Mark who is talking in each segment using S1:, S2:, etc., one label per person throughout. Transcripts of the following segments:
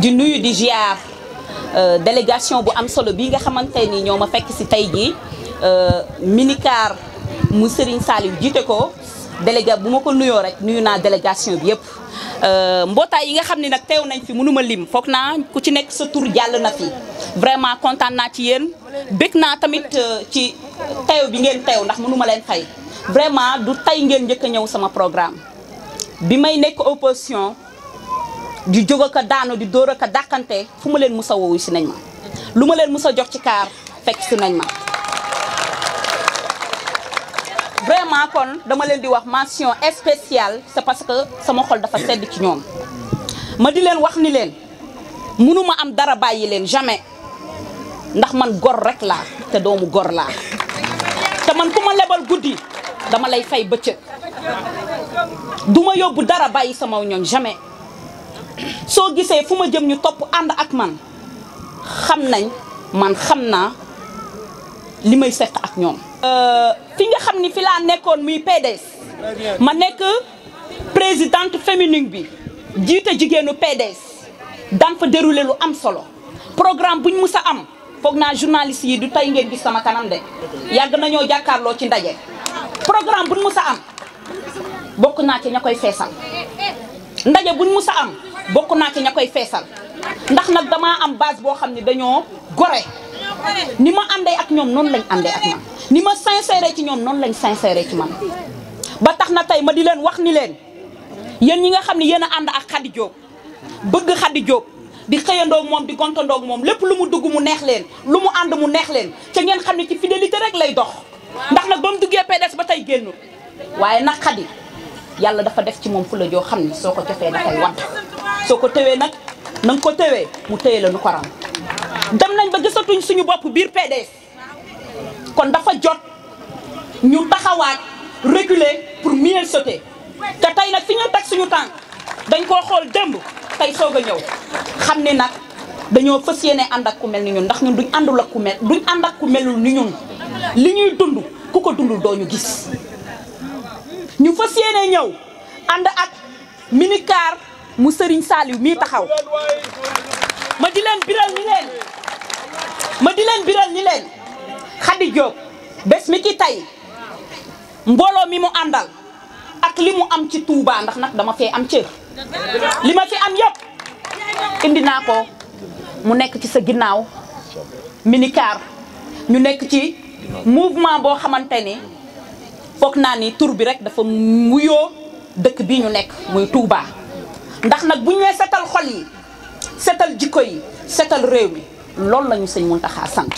S1: di nuyu di ziar euh, délégation bu am solo bii nga xamante ni ñoo ma fekk si tey jii euh, minicar mu Serigne Saliou jiite ko délégué bu ma ko nuyoo rek nuyu naa délégation bi yëpp. Euh, mbootaay yi nga xam ni nag teew nañ fi mënuma lim foog naa ku ci nekk sa tur jàll na fi vraiment kontaan naa ci yéen bëgg naa tamit ci teew bi ngeen teew ndax mënuma leen fay vraiment du tey ngeen njëkk a ñëw sama programme bi may nekk opposition. di jóg ak a daanu di dóor ak dàqante fu ma leen musa a si nañ ma lu ma leen mus a jox ci kaar fekk si nañ ma vraiment kon dama leen di wax mention spéciale c'est parce que sama xol dafa sedd ci ñoom ma di leen wax ni leen mënuma am dara bàyyi leen jamais ndax man gor rek laa te doomu gor laa te man ku ma lebal guddi dama lay fay bëccëg du ma yóbbu dara bàyyi sama ñoñ jamais soo gisee fu ma jëm ñu topp ànd ak man xam nañ man xam naa li may seq ak ñoom. Euh, fi nga xam ni fi laa nekkoon muy PDS ma nekk présidente féminine bi jiite jigéenu PDS daan fa déroulé lu am solo programme buñ mus a am foog naa journaliste yi du tey ngeen gis sama kanam de yàgg nañoo jàkkaarloo ci ndaje programme buñ mus am bokk naa ci ña koy feesal ndaje buñ mus am. bokk naa ci ña koy feesal ndax nag damaa am base boo xam ne dañoo gore ni ma àndee ak ñoom noonu lañ àndee ak man ni ma sincère ci ñoom noonu lañ sincère ci man ba tax na tey ma di leen wax ni leen yéen ñi nga xam ni yéen a ànd ak Khady Diop bëgg Khady Diop di xëyandoog moom di gontandoog moom lépp lu mu dugg mu neex leen lu mu ànd mu neex leen ca ngeen xam ne ci fidélité rek lay dox ndax nag ba mu duggee PDS ba tey génnul waaye nag Khady yàlla dafa def ci moom fu la joo xam ne soo ko jotee dafay wadd soo ko tëwee nag na nga ko tëwee mu tëye la nu ko ram dem nañ ba gisatuñ suñu bopp biir PDS kon dafa jot ñu taxawaat reculer pour mieux sauter te tey nag fi ñu teg suñu tànk dañ koo xool démb tey soog a ñëw xam ne nag dañoo fas yéene ànd ak ku mel ni ñun ndax ñun duñ àndul ak ku mel duñ ànd ak ku melul ni ñun li ñuy dund ku ko dund doo ñu gis ñu fas yéene ñëw ànd ak minicar mu sëriñ Saliou mii taxaw ma di leen biral ni leen ma di bés mi ci tey mbooloo mi mu àndal ak li mu am ci Touba ndax nag dama fee am cër li ma ci am yëpp indi naa ko mu nekk ci sa ginnaaw minicar ñu nekk ci mouvement boo xamante ni foog naa ni tur bi rek dafa muyoo dëkk bi ñu nekk muy Touba ndax nag bu ñu nee setal xol yi setal jikko yi setal réew mi loolu la ñu sëñ Mountakha sant.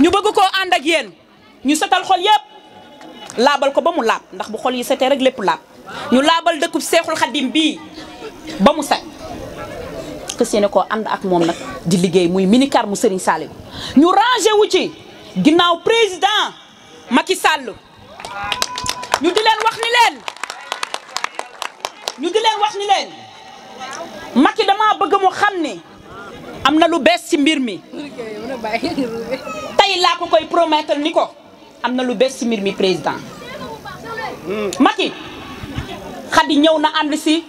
S1: ñu bëgg koo ànd yéen ñu setal xol yépp laabal ko ba mu laab ndax bu xol yi setee rek lépp laab ñu laabal dëkkub seexul xadim bi ba mu set. fas yéene ko ànd ak moom nag di liggéey muy minicar mu Serigne Saliou ñu rangé ci. ginnaaw président Macky Sall ñu di leen wax ni ñu di leen wax ni leen Macky dama bëgg mu xam ni am na lu bees ci mbir mi tey laa ko koy promettre ni ko am na lu bees ci mbir mi président Macky Khady ñëw na ànd si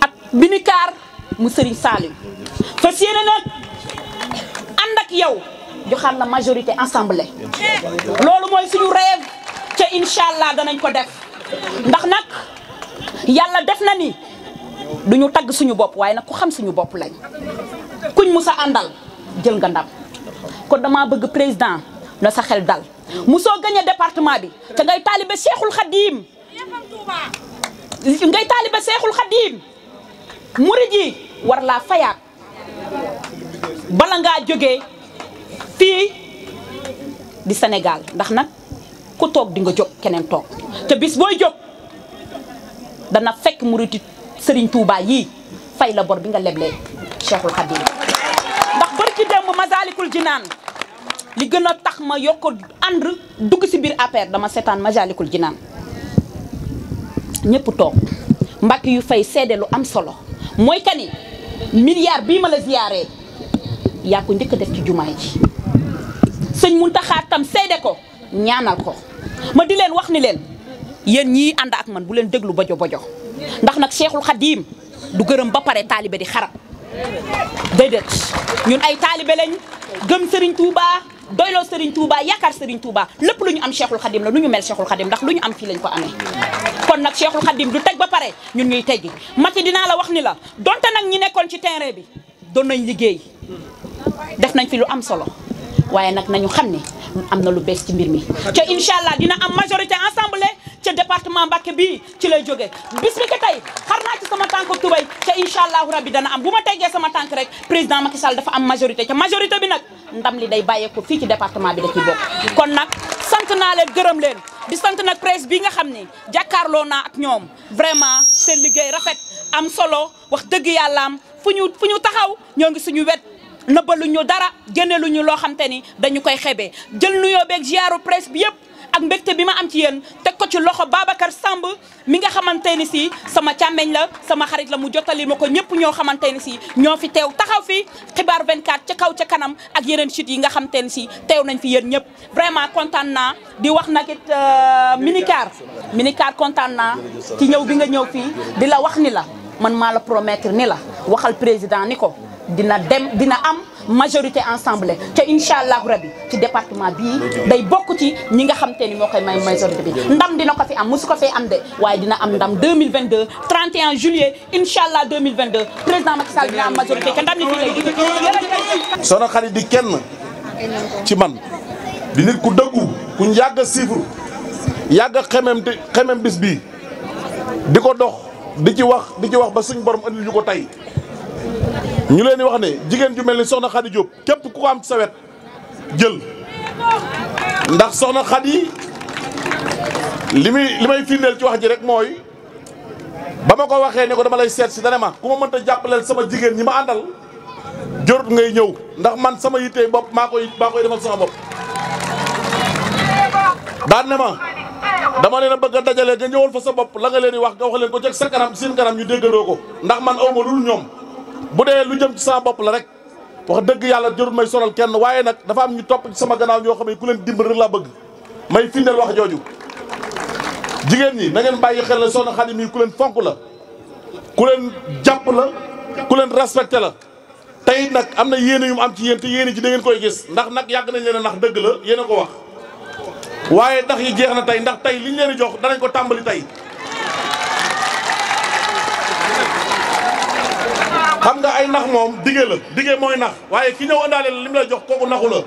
S1: ak binikaar mu Serigne Salim fas yéene nag ànd ak yow joxaat la majorité assemblée loolu mooy suñu rêve ca incha allah danañ ko def ndax nag yàlla def na ni duñu tagg suñu bopp waaye nag ku xam suñu bopp lañ kuñ musa àndal jël nga ndam kon dama bëgg président na sa xel dal musoo gañe département bi te ngay taalibe Seexul Xadiim ngay taalibe Seexul Xadiim murid yi war laa fayaat bala ngaa jógee fii di Sénégal ndax nag ku toog di nga jóg keneen toog te bis booy jóg dana fekk muriti sëriñ Touba yi fay la bor bi nga leblee Cheikhul Khadim ndax bari ci démb Masalikul Jinaan li gën a tax ma yokk ànd dugg ci biir APR dama seetaan Masalikul Jinaan ñëpp toog mbàkk yu fay seede lu am solo mooy kani milliard bii ma la ziyaaree yaa ko njëkk a def ci jumaa ji sëñ Muntaxa tam seede ko ñaanal ko ma di leen wax ni leen yéen ñii ànd ak man bu leen déglu bojo bojo ndax nag Cheikhul Khadim du gërëm ba pare taalibe di xarab déedéet ñun ay taalibe lañ gëm Serigne Touba doyloo Serigne Touba yaakaar Serigne Touba lépp lu ñu am Cheikhul Khadim la lu ñu mel Cheikhul Khadim ndax lu ñu am fii lañ ko amee. kon nag Cheikhul Khadim du tej ba pare ñun ñuy teggi Maty dinaa la wax ni la donte nag ñu nekkoon ci terrain bi doon nañ liggéey def nañ fi lu am solo. waaye nag nañu xam ni am na lu bees ci mbir mi ca incha allah dina am majorité assemblée ca département Mbacké bi ci lay jóge bis bi tey xar naa ci sama tànk tubay ca incha allahu rabbi dana am bu ma tegee sama tànk rek président Macky Sall dafa am majorité ca majorité bi nag ndam li day bàyyeeku fii ci département bi da ciy bokk kon nag sant naa leen gërëm leen di sant nag presse bi nga xam ne jàkkaarloo naa ak ñoom vraiment seen liggéey rafet am solo wax dëgg yàlla fu ñu fu ñu taxaw ñoo ngi suñu wet nëbbaluñu dara génneluñu loo xam te ni dañu koy xebee jël nuyoo beeg ziaru presse bi yëpp ak mbégte bi ma am ci yéen teg ko ci loxo Babacar Samb mi nga xamante ni si sama càmmeñ la sama xarit la mu jottali ma ko ñëpp ñoo xamante ni si ñoo fi teew taxaw fi xibaar 24 ca kaw ca kanam ak yeneen sit yi nga xamante ni si teew nañ fi yéen ñëpp vraiment kontaan naa di wax nag it euh, minicar minicar kontaan naa ci ñëw bi nga ñëw fii di la wax ni la man la promettre ni la waxal président ni ko dina dem dina am majorité ensemble te incha allahu rabi ci département bi bay bokk ci ñi nga xam te ni moo koy may majorité bi ndam dina ko fi am mosu ko fee am de waaye dina am ndam 2022 31 juillet incha allah 2022 président Macky Sall dina am majorité te ndam ni
S2: fii lay jógee. sono xarit di kenn ci man di ku dëggu ku yàgg a siifru yàgg a xemem xemem bis bii di ko dox di ci wax di wax ba suñ borom andil ñu ko tey. ñu leen di wax ne jigéen ju mel ni soxna Khady Diop képp ku ko am ci sa wet jël ndax soxna Khady li muy li may firndeel ci wax ji rek mooy ba ma ko waxee ne ko dama lay seet si dana ma ku ma mënta jàppaleel sama jigéen ñi ma àndal jorut ngay ñëw ndax man sama yittee bopp maa koy maa defal sama bopp daan ne ma dama leen a bëgg a dajale nga ñëwal fa sa bopp la nga wax nga wax leen ko ci sa kanam seen kanam ñu déggandoo ko ndax man awma lul ñoom bu dee lu jëm ci sama bopp la rek wax dëgg yàlla jarul may sonal kenn waaye nag dafa am ñu topp sama ganaaw ñoo xamee ne ku leen dimbali rek laa bëgg may firndeel wax jooju. jigéen ñi nangeen ngeen bàyyi xel ne Soxna Xadi mi ku leen fonk la ku leen jàpp la ku leen respecté la tey nag am na yéene yu am ci yéen te yéene ji da ngeen koy gis ndax nag yàgg nañ leen a ndax dëgg la yéen a ko wax. waaye ndax yi jeex na tey ndax tey liñ leen di jox danañ ko tàmbali tey xam nga ay nax moom dige la dige mooy nax waaye ki ñëw andaale la li mu lay jox kooku naxu la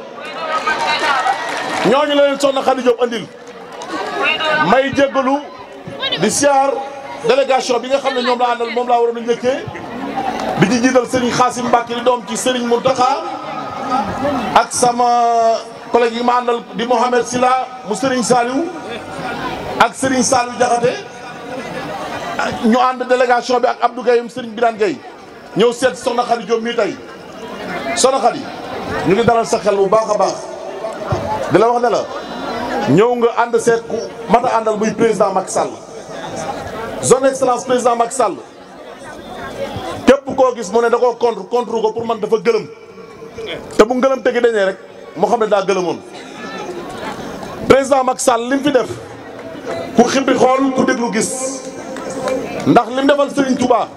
S2: ñooñu la leen soxna Khady Diop andil may jéggalu di siyaar délégation bi nga xam ne ñoom laa àndal moom laa waroon a njëkkee bi ñu jiital Serigne Xaasim Mbàkke di doom ci Serigne Mountakha ak sama collègue yi ma àndal di Mohamed Silla mu Serigne Saliou ak Serigne Saliou Diakhaté ñu ànd délégation bi ak Abdou Gaye mu Serigne Birane Gaye ñëw seet soxna Khady Diop mii tey soxna Khady ñu ngi dalal sa xel bu baax a baax di la wax ne la ñëw nga ànd seet ku mat a àndal muy président Macky Sall zone excellence président Macky sàll képp koo gis mu ne da koo contre contre ko pour man dafa gëlëm te bu ngëlëm tegi dañee rek moo xam ne daa gëlëmoon président Macky sàll li fi def ku xippi xool ku déglu gis ndax li mu defal Serigne Touba.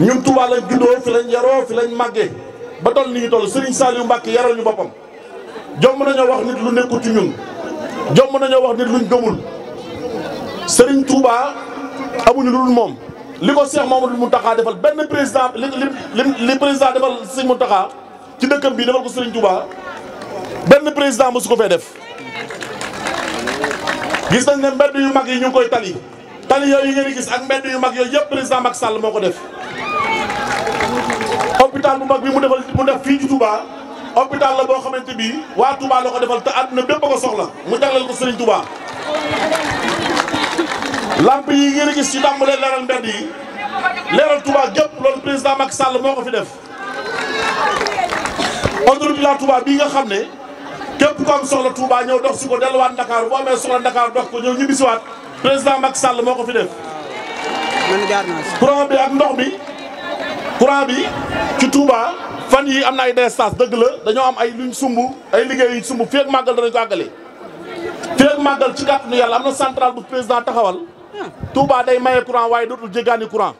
S2: ñun Touba lañ juddoo fi lañ yaroo fi lañu màggee ba toll ni ñu toll Serigne Saliou Mbacke yaral ñu boppam jomb nañoo wax nit lu nekkul ci ñun jomb nañoo wax nit luñ gëmul sëriñ Touba amuñu lu dul moom li ko Cheikh Mamadou Mountakha defal benn président li li li président defal Sëñ Mountakha ci dëkkam bii defal ko sëriñ Touba benn président mosu ko fee def. gis nañ ne mbedd yu mag yi ñu ngi koy tali tali yooyu ngeen di gis ak mbedd yu mag yooyu yëpp président Macky Sall moo ko def. hôpital bu mag bi mu defal mu def fii ci Touba hôpital la boo xamante bii waa Touba la ko defal te àdduna bépp a ko soxla mu jagleel ko Serigne Touba. lamp yi ngeen a gis ci tàmbalee leeral mbedd yi leeral Touba gépp loolu président Macky Sall moo ko fi def. autoroute la Touba bii nga xam ne képp ko am soxla Touba ñëw dox si ko delluwaat Dakar boo amee soxla Dakar dox ko ñëw ñibbisiwaat président Macky Sall moo ko fi def. man jaar ak ndox bi. courant bi ci Touba fan yi am na ay délestage dëgg la dañoo am ay luñ sumb ay liggéey yuñ sumb feeg màggal danañ ko àggale feeg màggal ci kàttanu yàlla am na centrale bu président taxawal Touba day maye courant waaye dootul jéggaani courant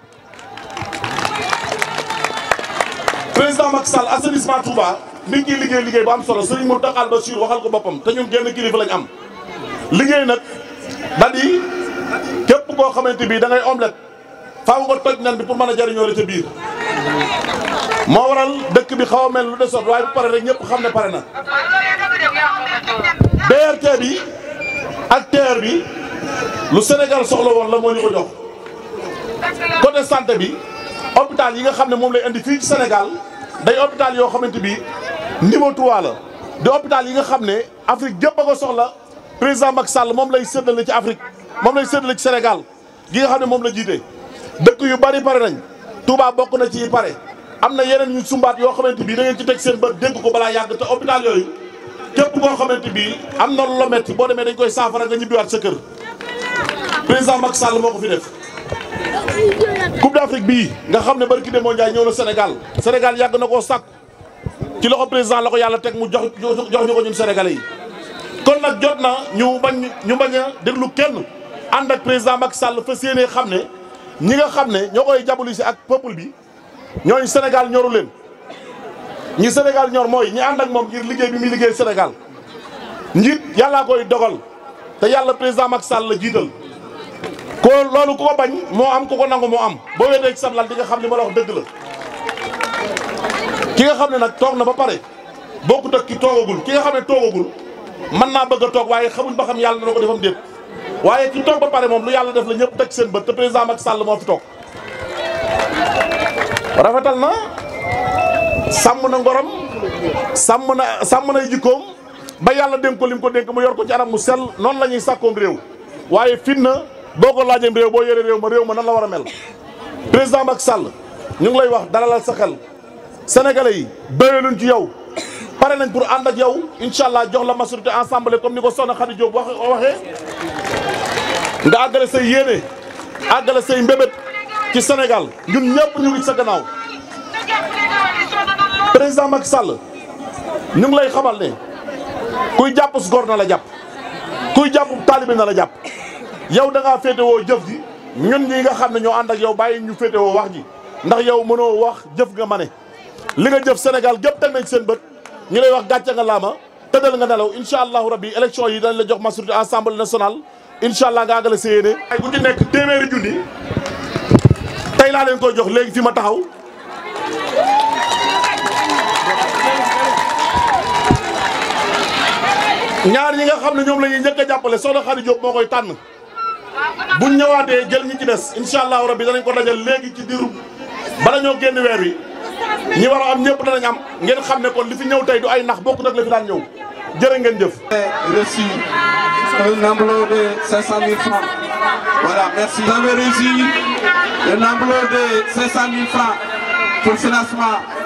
S2: président Macky Sall assainissement Touba mi ngi liggéey liggéey bu am solo Serigne Mountakha Bassirou waxal ko boppam te ñun génn kilifa lañ am liggéey nag da képp koo xamante bii da ngay omelette faaw nga toj nen bi pour mën a jëriñoo la ca moo waral dëkk bi xaw mel lu desoot waaye bu pare rek ñëpp xam ne pare na BRT bi ak TER bi lu Sénégal soxla woon la moo ñu ko jox côté bi hôpital yi nga xam ne moom lay indi fii ci Sénégal day hôpital yoo xamante bi niveau 3 la di hôpital yi nga xam ne Afrique jëpp a ko soxla président Macky sàll moom lay séddale ci Afrique moom lay séddale ci Sénégal gi nga xam ne moom la jiite dëkk yu bari pare nañ Touba bokk na ci pare am na yeneen ñu sumbaat yoo xamante bii da ngeen ci teg seen ba dégg ko balaa yàgg te hôpital yooyu képp koo xamante bii am na lu la metti boo demee dañ koy saafara nga ñibbiwaat sa kër président Macky Sall moo ko fi def coupe d'Afrique bii nga xam ne barki demoo Ndiaye ñëw na Sénégal Sénégal yàgg na koo sàkk ci loxo président la yàlla teg mu jox jox ñu ko ñun sénégalais yi kon nag jot na ñu bañ ñu bañ a déglu kenn ànd ak président Macky Sall fas yéenee xam ne ñi nga xam ne ñoo koy jàppale si ak peuple bi ñooñu Sénégal ñoru leen ñi Sénégal ñor mooy ñi ànd ak moom ngir liggéey bi muy liggéey Sénégal njiit yàllaa koy dogal te yàlla président Macky sàll la jiital ko loolu ku ko bañ moo am ku ko nangu moo am boo weetee ci sab lal di nga xam li ma la dëgg la ki nga xam ne nag toog na ba pare bokkut ak ki toogagul ki nga xam ne toogagul mën naa bëgg a toog waaye xamuñ ba xam yàlla na ko defam déet waaye ki toog ba pare moom lu yàlla def la ñëpp teg seen bët te président moo fi toog rafetal na sàmm na ngorom sàmm na sàmm na jikkoom ba yàlla dénk ko lim ko dénk mu yor ko ci anam mu sell noonu la ñuy sàkkoom réew waaye fitna boo ko laajeem réew boo yoree réew ma réew ma nan la war a mel président Macky Sall ñu ngi lay wax dalalal sa xel sénégalais yi béyee luñ ci yow pare nañ pour ànd ak yow incha jox la majorité ensemble comme ni ko Soxna Khady Diop wax waxee nga àggale say yéene àggale say mbébét ci Sénégal ñun ñëpp ñu ngi sa gannaaw président mag sàll ñu ngi lay xamal ne kuy jàpp su góor na la jàpp kuy jàpp taalibe na la jàpp yow dangaa ngaa féetewoo jëf gi ñun ñi nga xam ne ñoo ànd ak yow bàyyi ñu féetewoo wax ji ndax yow mënoo wax jëf nga ma ne li nga jëf Sénégal gépp teg nañ seen bët ñu lay wax gàcce nga laama tëddal nga nelaw incha rab rabbi élection yi dañ la jox majorité assemblée nationale incha allah nga àggale sa yéene ay bu téeméeri junni tey laa leen koy jox léegi fi ma taxaw ñaar ñi nga xam ne ñoom la ñuy njëkk jàppale soxna Khady Diop moo koy tànn buñ ñëwaatee jël ñi ci des incha allahu rabbi danañ ko dajal léegi ci diiru bala ñoo génn weer wi ñi war a am ñëpp danañ am ngeen xam ne kon li fi ñëw tey du ay nax bokk nag la fi daan ñëw jërë ngeen jëf. reçu un enveloppe de Voilà, merci. Vous avez réussi une enveloppe de 500 000 francs pour financement